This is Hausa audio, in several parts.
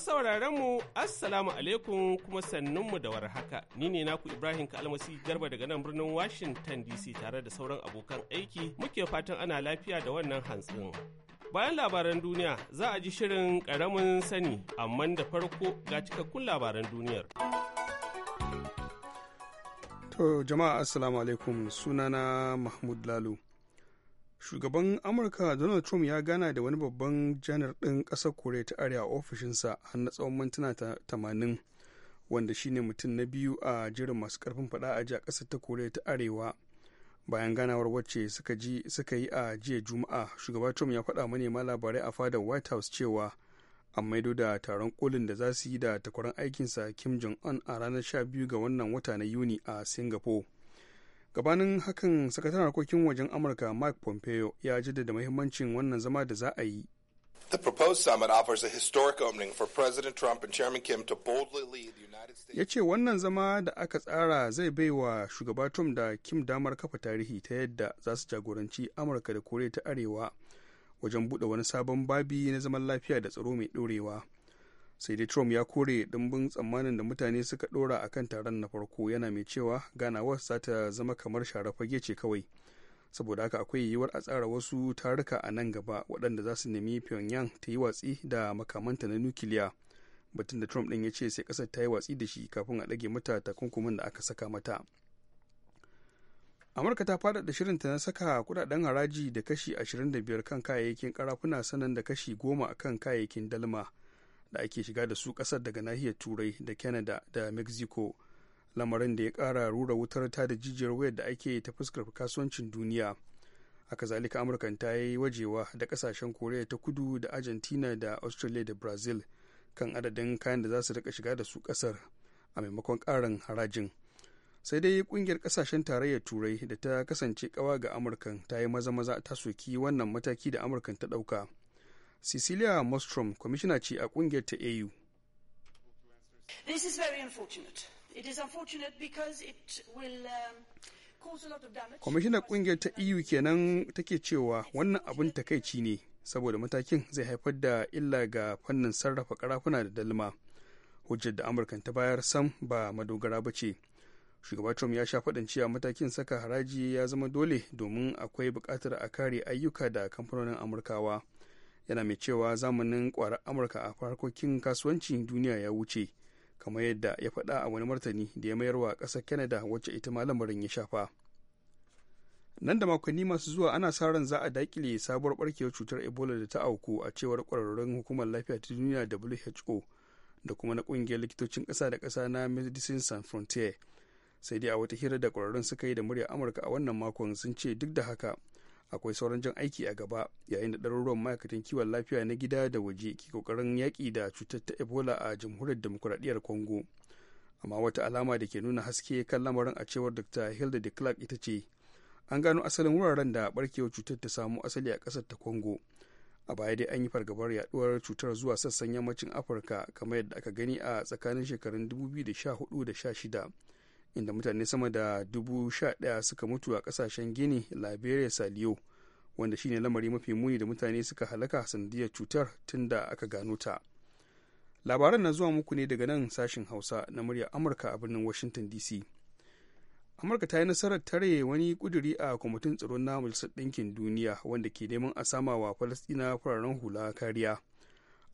Masu sauraron mu Assalamu alaikum kuma sannunmu da warhaka. Ni ne naku Ibrahim Kalmasi Garba daga nan birnin Washington DC tare da sauran abokan aiki muke fatan ana lafiya da wannan hantsin. Bayan labaran duniya za a ji shirin karamin sani amma da farko ga cikakkun labaran duniyar. To jama'a Assalamu alaikum sunana Mahmud Lalu. shugaban amurka donald trump ya gana da wani babban janar ɗin kasar koriya ta arewa ofishinsa har na tsawon mintuna tamanin wanda shine mutum na biyu a jirin masu karfin faɗa a ji a ta koriya ta arewa bayan ganawar wacce suka yi a jiya juma'a shugaba trump ya faɗa manema labarai a fadar white house cewa an maido da taron kolin da za su yi da takwaran aikinsa kim jong-un a ranar 12 ga wannan wata na yuni a singapore gabanin hakan sakataren harkokin wajen amurka mike pompeo ya jaddada mahimmancin wannan zama da za a yi Ya ce wannan zama da aka tsara zai baiwa shugaba Trump da Kim damar kafa tarihi ta yadda za su jagoranci Amurka da Koriya ta Arewa wajen buɗe wani sabon babi na zaman lafiya da tsaro mai ɗorewa. sai dai trump ya kore dimbin tsammanin da mutane suka dora a kan taron na farko yana mai cewa ganawar za ta zama kamar shara fage ce kawai saboda haka akwai yiwuwar a tsara wasu taruka a nan gaba waɗanda za su nemi pyongyang ta yi watsi da makamanta na nukiliya batun da trump ɗin ya ce sai ƙasar ta yi watsi da shi kafin a ɗage mata takunkumin da aka saka mata amurka ta faɗaɗa shirinta na saka kudaden haraji da kashi 25 kan kayayyakin karafuna sanan da kashi 10 kan kayayyakin dalma da ake shiga da su ƙasar daga nahiyar turai da canada da mexico lamarin da ya ƙara rura wutar ta da jijiyar wayar da ake ta fuskar kasuwancin duniya haka zalika amurkan ta yi wajewa da ƙasashen koriya ta kudu da argentina da australia da brazil kan adadin kayan da za su rika shiga da su ƙasar a maimakon ƙarin harajin sai dai kungiyar kasashen tarayyar turai da ta kasance kawa ga amurkan ta yi maza-maza ta soki wannan mataki da amurkan ta ɗauka cecilia mostrom kwamishina ce a kungiyar ta au um, kwamishinan kungiyar ta eu kenan take cewa wannan abin takaici ne saboda matakin zai haifar da illa ga fannin sarrafa karafuna da dalma hujjar da amurka ta bayar sam ba madogara ba ce shugaba trump ya sha faɗin cewa matakin saka haraji ya zama dole domin akwai buƙatar a kare ayyuka da kamfanonin amurkawa yana mai cewa zamanin kwara amurka a farkokin kasuwancin duniya ya wuce kamar yadda ya faɗa a wani martani da ya mayar wa ƙasar canada wacce ita ma lamarin ya shafa nan da makonni masu zuwa ana sa ran za a dakile sabuwar barkewar cutar ebola da ta auku a cewar kwararrun hukumar lafiya ta duniya who da kuma na ƙungiyar likitocin ƙasa da ƙasa na medicine sans frontier sai dai a wata hira da kwararrun suka yi da murya amurka a wannan makon sun ce duk da haka akwai sauran jan aiki a gaba yayin da ɗaruruwan ma'aikatan kiwon lafiya na gida da waje ke kokarin yaƙi da cutar ta ebola a jamhuriyar demokuraɗiyyar congo amma wata alama da ke nuna haske kan lamarin a cewar dr hilda de clark ita ce an gano asalin wuraren da barkewar cutar ta samu asali a ƙasar ta congo a baya dai an yi fargabar yaduwar cutar zuwa sassan yammacin afirka kamar yadda aka gani a tsakanin shekarun 2014 da 16 inda mutane sama da dubu sha ɗaya suka mutu a ƙasashen gini liberia saliyo wanda shine lamari mafi muni da mutane suka halaka sanadiyar cutar tun da aka gano ta labaran na zuwa muku ne daga nan sashen hausa na murya amurka a birnin washington dc amurka ta yi nasarar tare wani kuduri a kwamitin tsaro na majalisar ɗinkin duniya wanda ke neman a sama wa falastina fararen hula kariya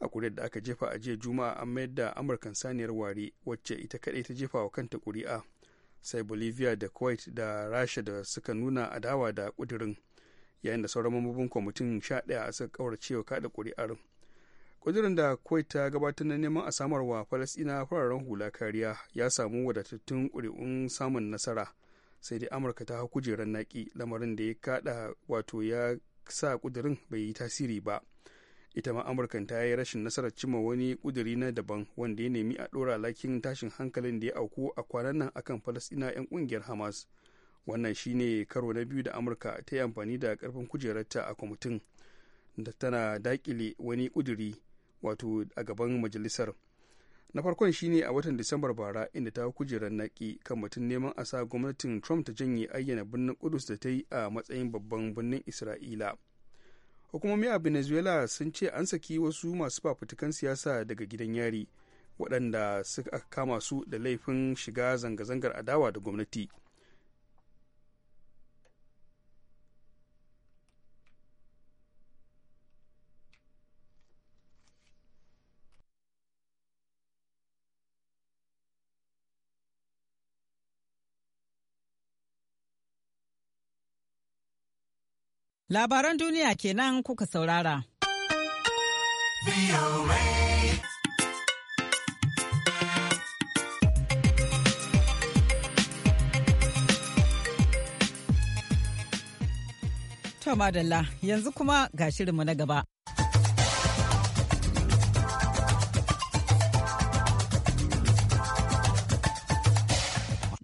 a kuri'ar da aka jefa a jiya juma'a an mayar da amurkan saniyar ware wacce ita kaɗai ta jefa wa kanta kuri'a sai bolivia da kuwait da rasha da suka nuna adawa da kudirin yayin da sauran mambobin kwamitin sha ɗaya a suka kauracewa kada kuri'ar kudirin da kuwait ta gabatar na neman a wa falasɗina fararen hula kariya ya samu wadatattun kuri'un samun nasara sai dai amurka ta hau kujerar naki lamarin da ya kaɗa wato ya sa kudirin bai yi tasiri ba ita ma amurkan ta yi rashin nasarar cimma wani kuduri na daban wanda ya nemi a ɗora lakin tashin hankalin da ya auku a kwanan nan akan falasɗina 'yan kungiyar hamas wannan shine karo na biyu da amurka ta yi amfani da karfin kujerarta a kwamitin da tana dakile wani kuduri wato a gaban majalisar na farkon shine a watan disambar bara inda ta kujerar naki kan batun neman a sa gwamnatin trump ta janye ayyana birnin kudus da ta yi a matsayin babban birnin isra'ila hukumomi a venezuela sun ce an saki wasu masu fafutukan siyasa daga gidan yari waɗanda suka kama su da laifin shiga zanga-zangar adawa da gwamnati Labaran duniya kenan kuka saurara. Tama yanzu kuma ga shirinmu na gaba.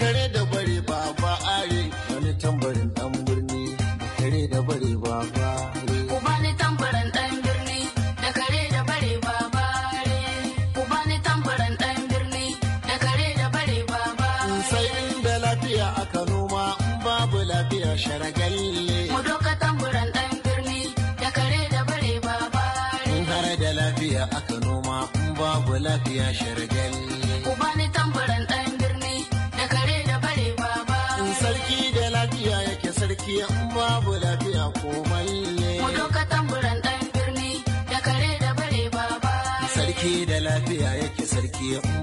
kare da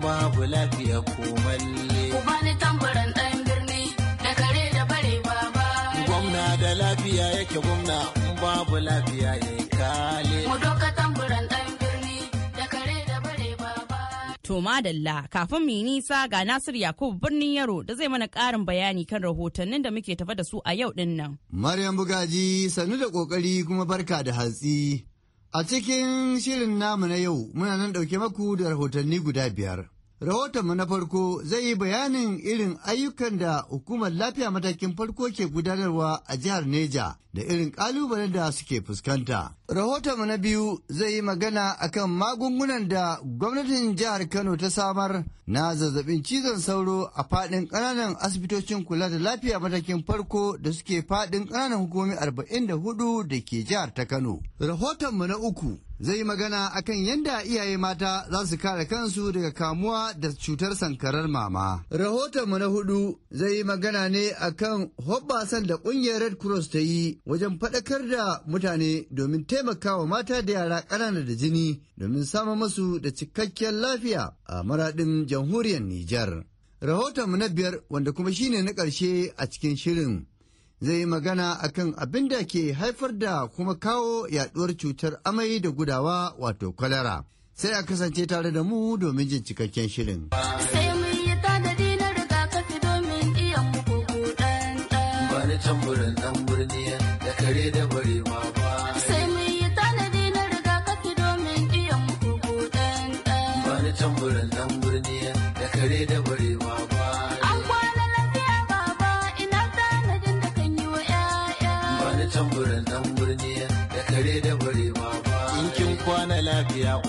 babu lafiya ko malle. bani tambaran ɗan birni da kare da bare baba. Gwamna da lafiya yake gwamna in babu lafiya ya kale. Mu doka tambaran ɗan birni da kare da bare baba. To madalla kafin mu nisa ga Nasir Yakubu birnin Yaro da zai mana ƙarin bayani kan rahotannin da muke tafa da su a yau ɗin nan. Maryam Bugaji sannu da ƙoƙari kuma barka da hatsi. A cikin shirin namu na yau muna nan ɗauke maku da rahotanni guda biyar. rahoton mu na farko zai yi bayanin irin ayyukan da hukumar lafiya matakin farko ke gudanarwa a jihar Neja da irin kalubalen da suke fuskanta. rahoton mu na biyu zai yi magana akan magungunan da gwamnatin jihar Kano ta samar na zazzabin cizon sauro a faɗin ƙananan asibitocin kula da lafiya matakin farko da suke faɗin ƙananan hukumomi 44 da ke jihar ta Kano. rahoton mu na uku zai yi magana akan yadda iyaye mata za su kare kansu daga kamuwa da cutar sankarar mama. Rahotonmu na hudu zai yi magana ne akan hoɓɓasan da ƙungiyar Red Cross ta yi wajen faɗakar da mutane domin taimakawa mata da yara ƙanana da jini domin samun masu da cikakken lafiya a maraɗin jamhuriyar Nijar. Rahotonmu na biyar wanda kuma shine na ƙarshe a cikin shirin. zai yi magana akan abin da ke haifar da kuma kawo yaduwar cutar amai da gudawa wato kwalara. Sai a kasance tare da mu domin jin cikakken shirin. tamburin dan birni da kare da bare tanadi na rigakafi ya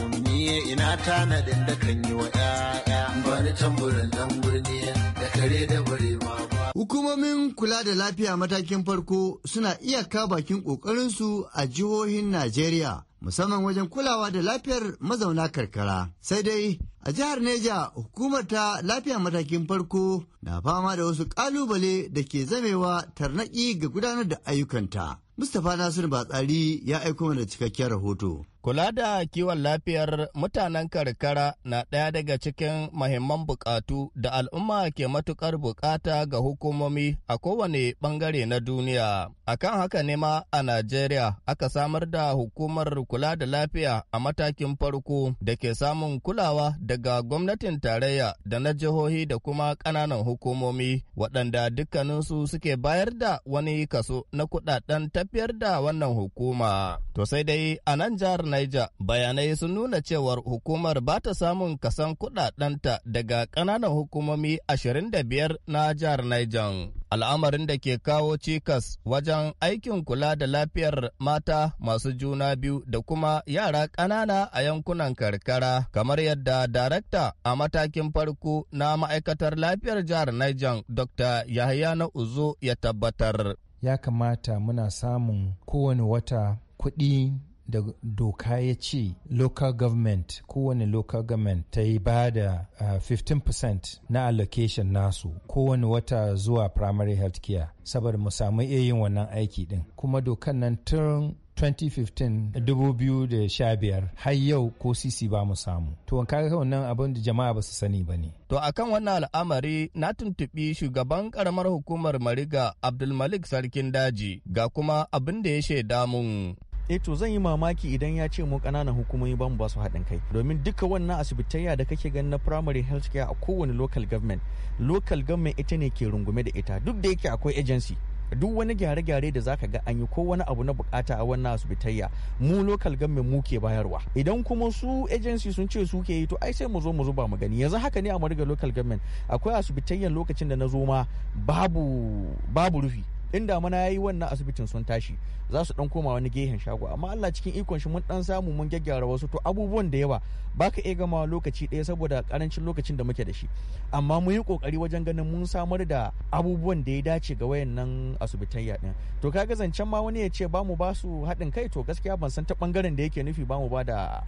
ina tanadin da kan yi wa ƴaƴa bani tamburin tamburni da kare da barewa ba. Hukumomin kula da lafiya matakin farko suna iyaka bakin ƙoƙarinsu a jihohin Najeriya musamman wajen kulawa da lafiyar mazauna karkara. Sai dai a jihar Neja hukumar ta lafiya matakin farko na fama da wasu kalubale da ke zamewa tarnaƙi ga gudanar da ayyukanta. Mustapha Nasiru Batsari ya aiko mana cikakken rahoto. Kula da kiwon lafiyar mutanen karkara na ɗaya daga cikin mahimman bukatu da al'umma ke matuƙar bukata ga hukumomi a kowane ɓangare na duniya. Akan haka ne ma a Najeriya aka samar da hukumar kula da lafiya a matakin farko da ke samun kulawa daga gwamnatin tarayya da na jihohi da kuma ƙananan hukumomi waɗanda dukkaninsu suke bayar da wani kaso na kuɗaɗen tafiyar da wannan hukuma. To sai dai a nan jihar Niger bayanai sun nuna cewar hukumar ba ta samun kasan kuɗaɗenta daga ƙananan hukumomi 25 na jihar Niger. al'amarin da ke kawo cikas wajen aikin kula da lafiyar mata masu juna biyu da kuma yara ƙanana a yankunan karkara kamar yadda darakta a matakin farko na ma'aikatar lafiyar jihar Niger Dr. Yahaya na Uzo ya tabbatar. Ya kamata muna samun kowane wata kuɗi da doka ya ce local government kowane local government ta yi ba da uh, 15% na allocation nasu kowane wata zuwa primary health care saboda mu samu iya yin wannan aiki din kuma dokan nan tun 2015 har yau ko sisi ba mu samu to kaga wannan abin da jama'a ba su sani ba ne to akan wannan al'amari na tuntuɓi shugaban karamar hukumar mariga abdulmalik sarkin daji ga kuma abin da ya shaida mun eh to zan yi mamaki idan ya ce mu kananan hukumomi ba mu ba su haɗin kai domin duka wannan asibitaiya da kake ganin na primary health care a kowane local government local government ita ne ke rungume da ita duk da yake akwai agency duk wani gyare-gyare da zaka ga an yi ko wani abu na bukata a wannan asibitayya mu local government mu ke bayarwa idan kuma su agency sun ce su ke yi to ai sai mu zo mu zuba mu gani yanzu haka ne a riga local government akwai asibitayyan lokacin da na zo ma babu babu rufi in da ya yi wannan asibitin sun tashi za su dan koma wani gehen shago amma Allah cikin ikon shi mun dan samu mun gyaggyara wasu to abubuwan da yawa baka iya gama lokaci ɗaya saboda karancin lokacin da muke da shi amma mun yi kokari wajen ganin mun samar da abubuwan da ya dace ga wayannan asibitayya din to kaga zancen ma wani ya ce ba mu ba su haɗin kai to gaskiya ban san ta bangaren da yake nufi ba mu ba da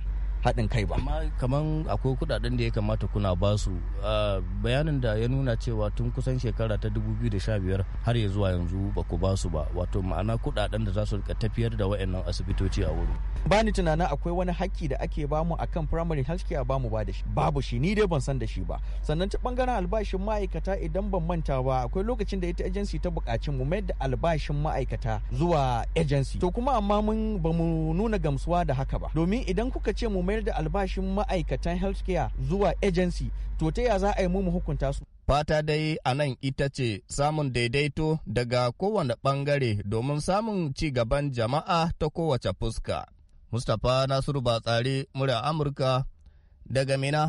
haɗin kai ba. kamar akwai kuɗaɗen da ya kamata kuna ba su bayanin da ya nuna cewa tun kusan shekara ta 2015 har ya zuwa yanzu ba ku ba su ba wato ma'ana kuɗaɗen da za su rika tafiyar da wa'annan asibitoci a wuri Ba ni tunanin akwai wani haƙƙi da ake bamu akan primary health care bamu ba da shi babu shi ni dai ban san da shi ba sannan ta bangaren albashin ma'aikata idan ban manta ba akwai lokacin da ita agency ta buƙaci mu mayar da albashin ma'aikata zuwa agency to kuma amma mun ba mu nuna gamsuwa da haka ba domin idan kuka ce mu mayar da albashin ma'aikatan healthcare zuwa agency to ta ya za a yi mu hukunta su fata dai a nan ita ce samun daidaito daga kowane bangare domin samun ci gaban jama'a ta kowace fuska mustapha nasiru batsari murya amurka daga mina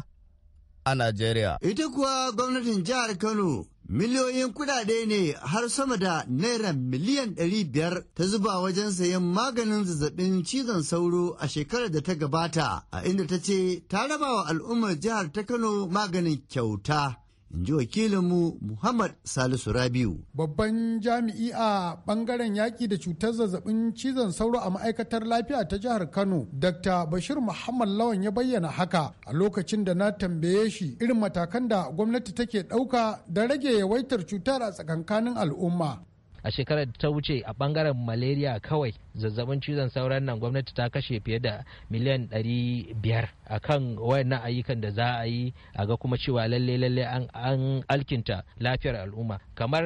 a najeriya ita kuwa gwamnatin jihar kano miliyoyin kudade ne har sama da naira miliyan 500 ta zuba wajen sayan maganin zazzabin cizon sauro a shekarar da ta gabata a inda ta ce ta rabawa al'ummar jihar ta kano maganin kyauta in ji wakilinmu Muhammad Salisu Rabiu. Babban jami'i a bangaren yaƙi da cutar zazzabin cizon sauro a ma'aikatar lafiya ta jihar Kano, Dr. Bashir Muhammad Lawan ya bayyana haka a lokacin da na tambaye shi irin matakan da gwamnati take ɗauka da rage yawaitar cutar a tsakankanin al'umma. a shekarar da ta wuce a bangaren malaria kawai zazzabin cizon sauran nan gwamnati ta kashe fiye da miliyan 500 a kan wayannan ayyukan da za a yi a ga kuma cewa lalle lalle an alkinta lafiyar al'umma kamar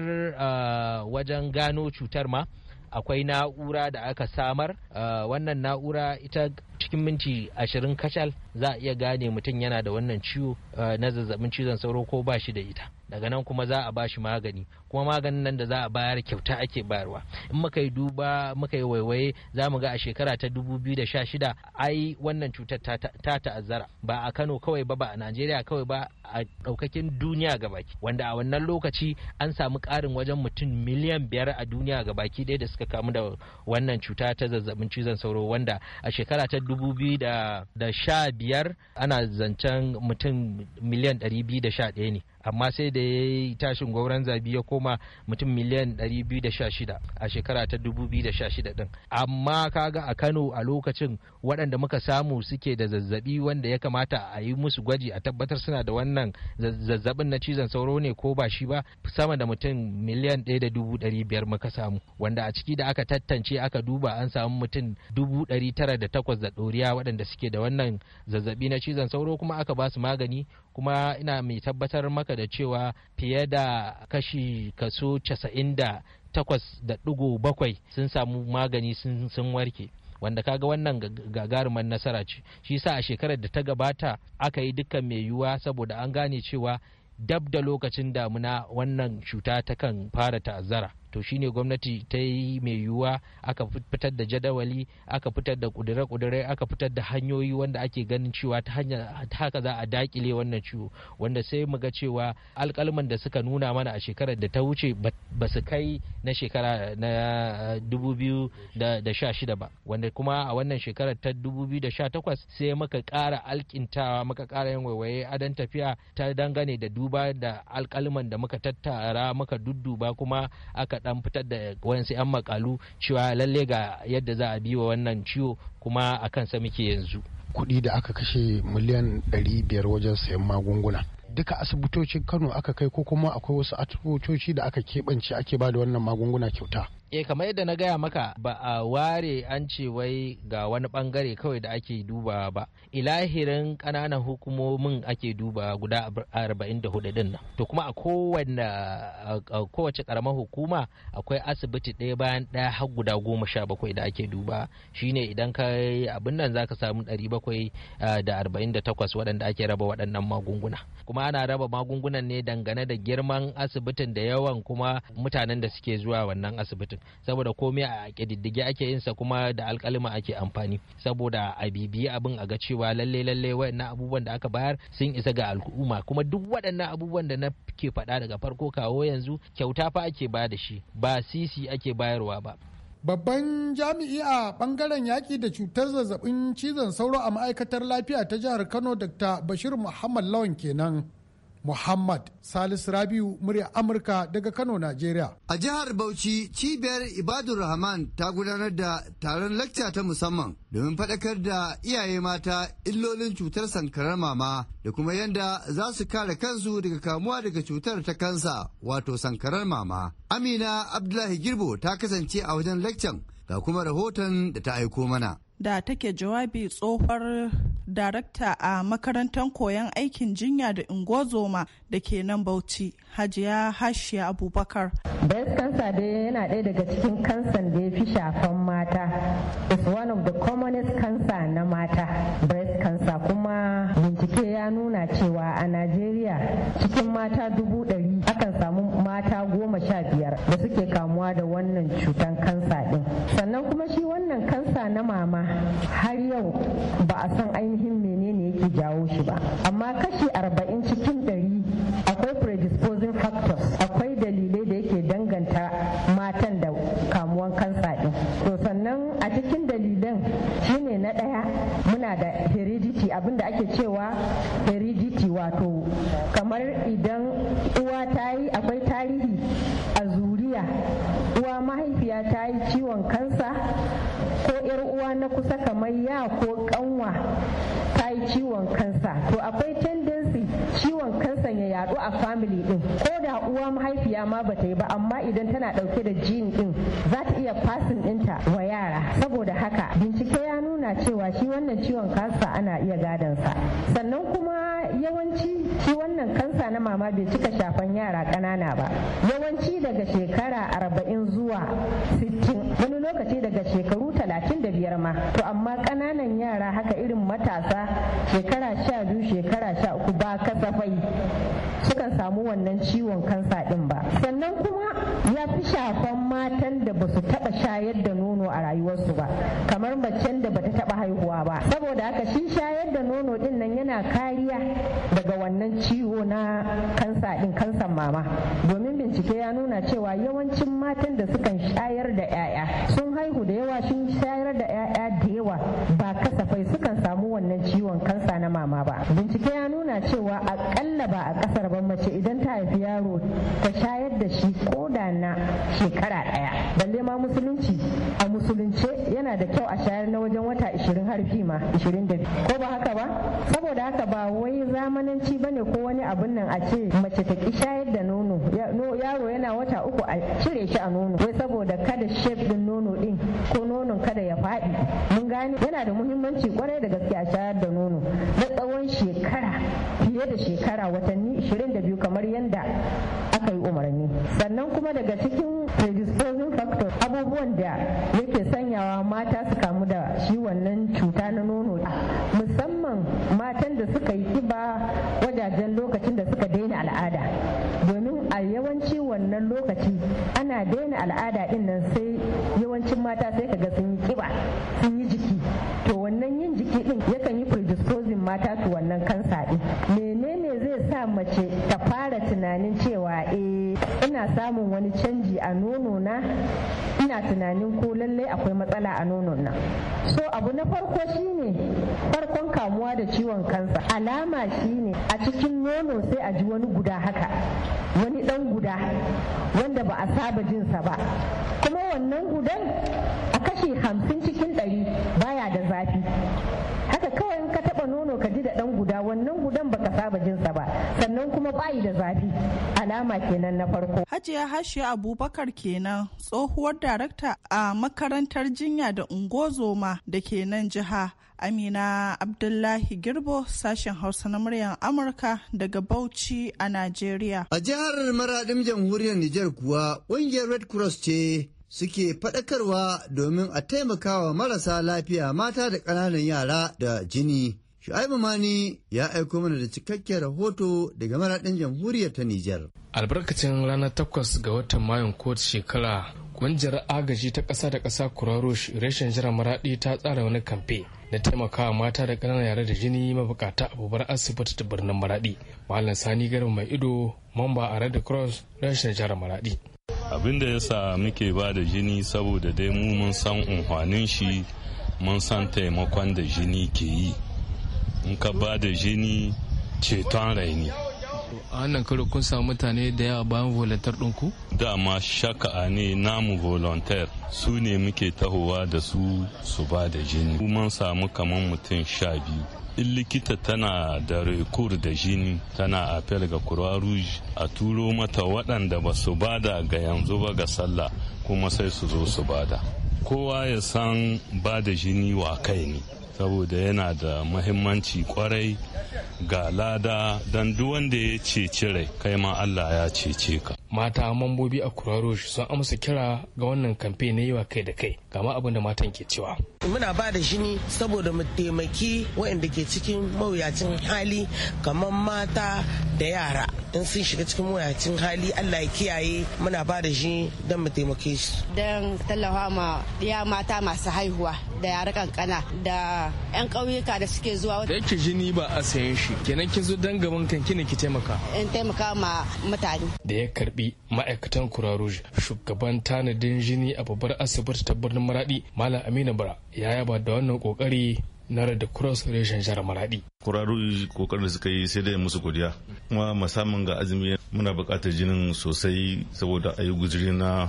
wajen gano cutar ma akwai na'ura da aka samar wannan na'ura ita cikin minti ashirin kacal za a iya gane mutum yana da wannan ciwo eh, na zazzabin cizon sauro ko ba shi da ita daga nan kuma za a ba shi magani kuma maganin nan da za a bayar kyauta ake bayarwa in muka yi duba muka yi waiwaye za mu ga a shekara ta 2016 ai wannan cutar ta ta'azzara ba a kano kawai ba ba a najeriya kawai ba a ɗaukakin duniya gabaki wanda a wannan lokaci an samu ƙarin wajen mutum miliyan biyar a duniya ga baki ɗaya da suka kamu da wannan cuta ta zazzabin cizon sauro wanda a shekara ta dubu sha biyar ana zancen mutum miliyan biyu da 211 ne amma sai da ya yi tashin gwauran zabi ya koma mutum miliyan 216 a shekara ta 2016 din amma kaga a kano a lokacin waɗanda muka samu suke da zazzabi wanda ya kamata a yi musu gwaji a tabbatar suna da wannan zazzabin na cizon sauro ne ko ba shi ba sama da mutum miliyan 1.500 muka samu wanda a ciki da aka tantance aka duba an samu mutum 908 da ɗoriya waɗanda suke da wannan zazzabi na cizon sauro kuma aka ba su magani kuma ina mai tabbatar maka amurka da cewa fiye da kashi kaso casa'in da takwas da ɗigo bakwai sun samu magani sun warke wanda kaga wannan gagarumar nasara ce shi sa a shekarar da ta gabata aka yi dukkan mai yiwuwa saboda an gane cewa dab da lokacin damuna wannan cuta ta kan fara ta'azzara to shine gwamnati ta yi mai yiwuwa aka fitar da jadawali aka fitar da kudure-kudure aka fitar da hanyoyi wanda ake ganin cewa ta hanya haka za a dakile wannan ciwo wanda sai muga ga cewa alkalman da suka nuna mana a shekarar da ta wuce ba su kai na shekara na 2016 ba wanda kuma a wannan shekarar ta 2018 sai muka kara alkintawa muka kara yin waiwaye adan tafiya ta dangane da duba da alkalman da muka tattara muka dudduba kuma aka dan fitar da wani 'yan makalu cewa lalle ga yadda za a bi biwa wannan ciwo kuma a kansa muke yanzu kuɗi da aka kashe miliyan 500 wajen sayan magunguna duka asibitocin kano aka kai ko kuma akwai wasu asibitoci da aka keɓance ake ba da wannan magunguna kyauta eh kamar yadda na gaya maka ba a ware an ce wai ga wani bangare kawai da ake duba ba ilahirin kananan hukumomin ake duba guda 44 din nan to kuma a kowanne kowace karamar hukuma akwai asibiti ɗaya bayan ɗaya har guda goma sha bakwai da ake duba shine idan kai abin nan zaka samu 748 waɗanda ake raba waɗannan magunguna kuma ana raba magungunan ne dangane da girman asibitin da yawan kuma mutanen da suke zuwa wannan asibitin saboda komai a kididdige ake yin sa kuma da alkalima ake amfani saboda a bibiyi abin a ga cewa lalle lalle wayannan abubuwan da aka bayar sun isa ga al'umma kuma duk waɗannan abubuwan da na ke faɗa daga farko kawo yanzu kyauta fa ake ba da shi ba sisi ake bayarwa ba Babban jami'i a bangaren yaƙi da cutar zazzabin cizon sauro a ma'aikatar lafiya ta jihar Kano Dr. Bashir Muhammad Lawan kenan. Muhammad Salisu Rabiu murya Amurka daga Kano, Najeriya. A jihar Bauchi cibiyar Ibadur Rahman ta gudanar da taron lakca ta musamman domin faɗakar da iyaye mata illolin cutar sankarar mama da kuma yadda za su kare kansu daga kamuwa daga cutar ta kansa wato sankarar mama. Amina Abdullahi Girbo ta kasance a wajen lakcan ga kuma rahoton da ta aiko mana. da take jawabi tsohuwar darakta a makarantar koyon aikin jinya da ingozoma da ke nan bauchi hajiya hashiya abubakar breast cancer dai yana ɗaya daga cikin kansan da ya fi shafan mata is one of the commonest cancer na mata breast cancer kuma bincike ya nuna cewa a najeriya cikin mata dubu ɗari akan samu mata goma sha biyar da suke kamuwa da wannan cutan kansa ɗin sannan kuma shi wannan kansa na mama har yau ba a san ainihin menene yake jawo shi ba amma kashi arba'in cikin ɗari akwai predisposing factors akwai dalilai da yake danganta matan da kamuwan kansa ɗin to sannan a cikin dalilan shine na ɗaya yana da heredity abinda ake cewa heredity wato kamar idan uwa ta yi akwai tarihi a zuriya uwa mahaifiya ta yi ciwon kansa ko yar uwa na kusa kamar ya ko kanwa ta yi ciwon kansa to akwai tendency ciwon kansan ya yadu a family din ko da uwa mahaifiya ma bata yi ba amma idan tana dauke da jin din za ta iya fasin ɗinta wa yara saboda haka bincike cewa shi wannan ciwon kansa ana iya gadon sa sannan kuma yawanci shi wannan kansa na mama bai cika shafan yara ƙanana ba yawanci daga shekara arba'in zuwa sittin wani lokaci daga shekaru talatin da biyar ma to amma ƙananan yara haka irin matasa shekara sha biyu shekara sha uku ba kasafai sukan samu wannan ciwon kansa ɗin ba sannan kuma ya fi shafan matan da ba su taɓa shayar da nono a rayuwarsu ba kamar macen da ba ta taɓa haihuwa ba saboda haka shi shayar da nono ɗin nan yana kariya daga wannan ciwo na kansa ɗin kansan mama domin bincike ya nuna cewa yawancin matan da sukan shayar da 'ya'ya sun haihu da yawa sun shayar da 'ya'ya da yawa ba kasafai sukan samu wannan ciwon kansa na mama ba bincike ya nuna cewa akalla ba a kasar ban mace idan ta haifi yaro ta shayar da shi ko da na shekara ɗaya balle ma musulunci a musulunce yana da kyau a shayar na wajen wata 20 har ma 20 ko ba haka ba saboda haka ba wai za ba ne ko wani abun nan a ce mace ta ki shayar da nono yaro yana wata uku a cire shi a nono wai saboda kada shape din nono din ko nonon kada ya faɗi mun gane yana da muhimmanci kwarai da gaske a shayar da nono na tsawon shekara fiye da shekara watanni 22 kamar yadda. aka yi umarni sannan kuma daga cikin predisposing factor abubuwan da yake sanyawa mata su kamu da shi wannan cuta na nono musamman matan da suka yi kiba wajajen lokacin da suka daina al'ada domin a yawanci wannan lokaci ana daina al'ada din nan sai yawancin mata sai kaga sun yi kiba sun yi jiki to wannan yin jiki din yakan yi predisposing mata su wannan kansa din menene sa mace ta fara tunanin cewa eh ina samun wani canji a nono na ina tunanin ko lallai akwai matsala a nonon nan so abu na farko shine farkon kamuwa da ciwon kansa alama shine a cikin nono sai a ji wani guda haka wani dan guda wanda ba a saba jinsa ba kuma wannan gudan a kashi hamsin cikin ɗari baya da zafi haka kawai in ka taba nono ka ji da ɗan guda wannan saba jinsa ba sannan kuma bayi da zafi alama kenan na farko hajiya Hashi abubakar kenan tsohuwar darakta a makarantar jinya da ungozoma da ke nan jiha amina abdullahi girbo sashen hausa na muryar amurka daga bauchi a najeriya a jihar maradin jamhuriyar Niger kuwa ƙungiyar red cross ce suke faɗakarwa domin a taimakawa marasa lafiya mata da ƙananan yara da jini Shu'aibu Mani ya aiko mana da cikakken rahoto daga maraɗin jamhuriyar ta Nijar. Albarkacin ranar takwas ga watan Mayun Kot shekara, ƙungiyar agaji ta ƙasa da ƙasa Kurarush reshen jiran maraɗi ta tsara wani kamfe na taimakawa mata da ƙananan yare da jini mabukata a babbar asibiti da birnin maraɗi. Malam Sani Garba Mai Ido, mamba a Red Cross reshen jiran maraɗi. Abin da ya sa muke ba da jini saboda dai mu mun san unhwanin shi mun san taimakon da jini ke yi. in ka ba da jini ceton rai ne a wannan karo kun samu mutane da yawa bayan volunteer ɗinku? dama a ne namu volunteer su ne muke tahowa da su su ba da jini kuma samu kamar mutum sha biyu in likita tana da rekur da jini tana apel ga kurwa rouge a turo mata waɗanda ba su bada ga yanzu ba ga sallah kuma sai su zo su bada kowa ya san ba da jini wa kai ne saboda yana da mahimmanci kwarai ga lada don duk wanda ya ceci rai kai ma Allah ya cece ka. Mata mambobi a shi sun amsa kira ga wannan kamfe na yi wa kai da kai gama abin da matan ke cewa. Muna ba da jini saboda mu taimaki waɗanda ke cikin mawuyacin hali kamar mata da yara. In sun shiga cikin mawuyacin hali Allah ya kiyaye muna ba da jini don mu taimake su. Don tallafa ma ya mata masu haihuwa da yara kankana da 'yan ƙauyuka da suke zuwa. Da yake jini ba a sayan shi kenan kin zo dan gaban kan ne ki taimaka. In taimaka ma mutane. Da ya karbi ma'aikatan Rouge, shugaban tanadin jini a babbar asibiti ta birnin Maradi Malam Aminu Bara ya yaba da wannan kokari na da cross relation jihar maradi kuraru kokarin da suka yi sai dai musu godiya kuma musamman ga azumi muna buƙatar jinin sosai saboda a yi guzuri na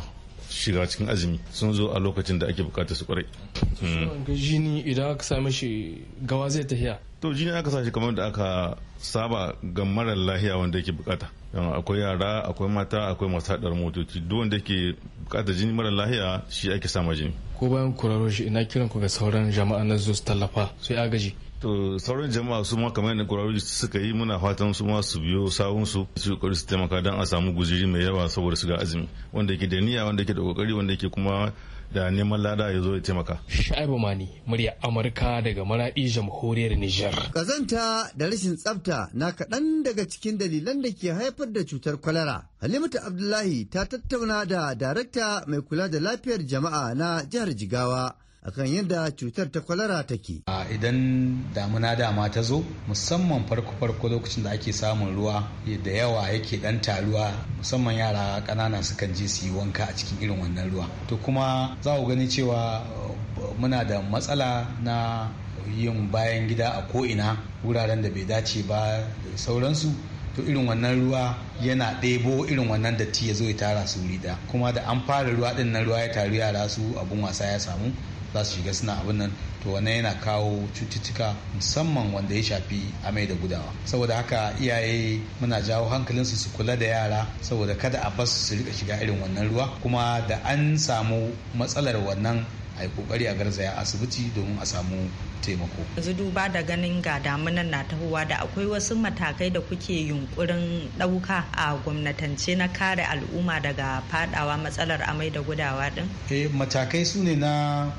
shiga cikin azumi sun zo a lokacin da ake bukata su kwarai hmm. jini idan aka sami shi gawa zai tafiya to jini aka shi kamar da aka saba ga marar lahiya wanda yake bukata akwai yara akwai mata akwai masu haɗar motoci duk wanda yake bukata jini marar lahiya shi ake sama jini ko bayan kuraro shi ina kiran ku ga sauran jama'a na zo tallafa sai agaji to sauran jama'a su ma kamar yadda kwararru suka yi muna fatan su ma su biyo sawun su su kokari su taimaka don a samu guziri mai yawa saboda su ga azumi wanda yake da niyya wanda yake da kokari wanda yake kuma da neman lada ya zo ya taimaka. Sha'ibu Mani, murya Amurka daga maraɗi jamhuriyar Nijar. Kazanta da rashin tsafta na kaɗan daga cikin dalilan da ke haifar da cutar kwalara. Halimatu Abdullahi ta tattauna da darakta mai kula da lafiyar jama'a na jihar Jigawa. akan yadda cutar ta kwalara take. Idan damuna dama ta zo musamman farko-farko lokacin da ake samun ruwa da yawa yake dan taruwa musamman yara kanana sukan je su yi wanka a cikin irin wannan ruwa. To kuma za ku gani cewa uh, muna da matsala na yin bayan gida a ko'ina wuraren da bai dace ba da sauransu to irin wannan ruwa yana ɗebo irin wannan datti ya zo ya tara su wuri kuma da an fara ruwa ɗin nan ruwa ya taru yara su abun wasa ya samu za su shiga suna abin nan to wannan yana kawo cututtuka musamman wanda ya shafi amai da gudawa saboda haka iyaye muna jawo hankalinsu su kula da yara saboda kada a basu su rika shiga irin wannan ruwa kuma da an samu matsalar wannan a yi kokari a garzaya asibiti domin a samu taimako yanzu duba da ganin ga damunan na tahowa da akwai wasu matakai da kuke yunkurin ɗauka a gwamnatance na kare al'umma daga fadawa matsalar amai da gudawa din eh matakai su ne na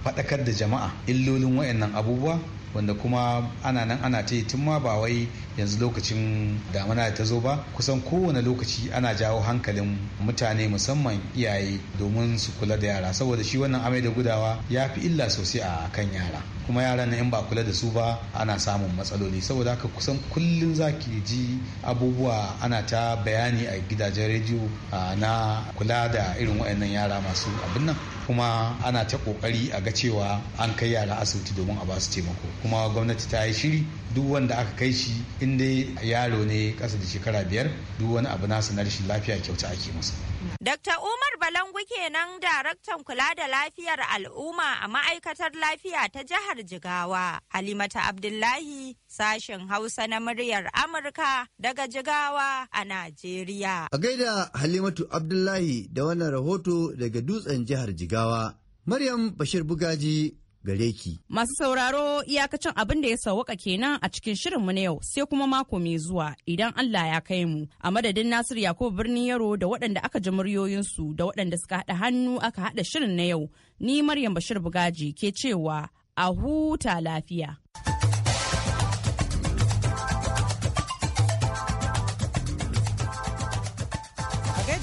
faɗakar da jama'a illolin wayannan abubuwa wanda kuma ana nan ana ta tun ma ba wai yanzu lokacin damana ta zo ba kusan kowane lokaci ana jawo hankalin mutane musamman iyaye domin su kula da yara saboda shi wannan amai da gudawa ya fi illa sosai a kan yara kuma yaran na in ba kula da su ba ana samun matsaloli saboda haka kusan kullum za ki ji abubuwa ana ta bayani a gidajen rediyo na kula da irin waɗannan yara masu abin nan kuma ana ta kokari a ga cewa an kai yara asibiti domin a ba su taimako kuma gwamnati ta yi shiri duk wanda aka kai shi in dai yaro ne kasa da shekara biyar duk wani abu nasu na rashin lafiya kyauta ake masa Dr. Umar Balangu kenan daraktan kula da lafiyar al'umma a ma'aikatar lafiya ta jihar Jigawa. Halimata Abdullahi sashen Hausa na muryar Amurka daga Jigawa a Najeriya. A gaida Halimatu Abdullahi da wannan rahoto daga dutsen jihar Jigawa. Maryam Bashir Bugaji gare ki. Masu sauraro iyakacin abin da ya sauwaka kenan a cikin shirin mu na yau sai kuma mako mai zuwa idan Allah ya kai mu. A madadin Nasir Yakubu birnin Yaro da waɗanda aka ji muryoyinsu da waɗanda suka haɗa hannu aka haɗa shirin na yau. Ni Maryam Bashir Bugaji ke cewa a huta lafiya.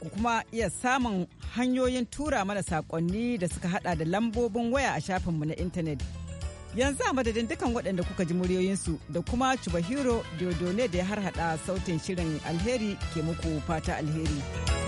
ku kuma iya samun hanyoyin tura mana sakonni da suka hada da lambobin waya a shafinmu na intanet. Yanzu a madadin dukan waɗanda kuka ji muryoyinsu da kuma Chubahiro Diodone da ya harhaɗa sautin shirin alheri ke muku fata alheri.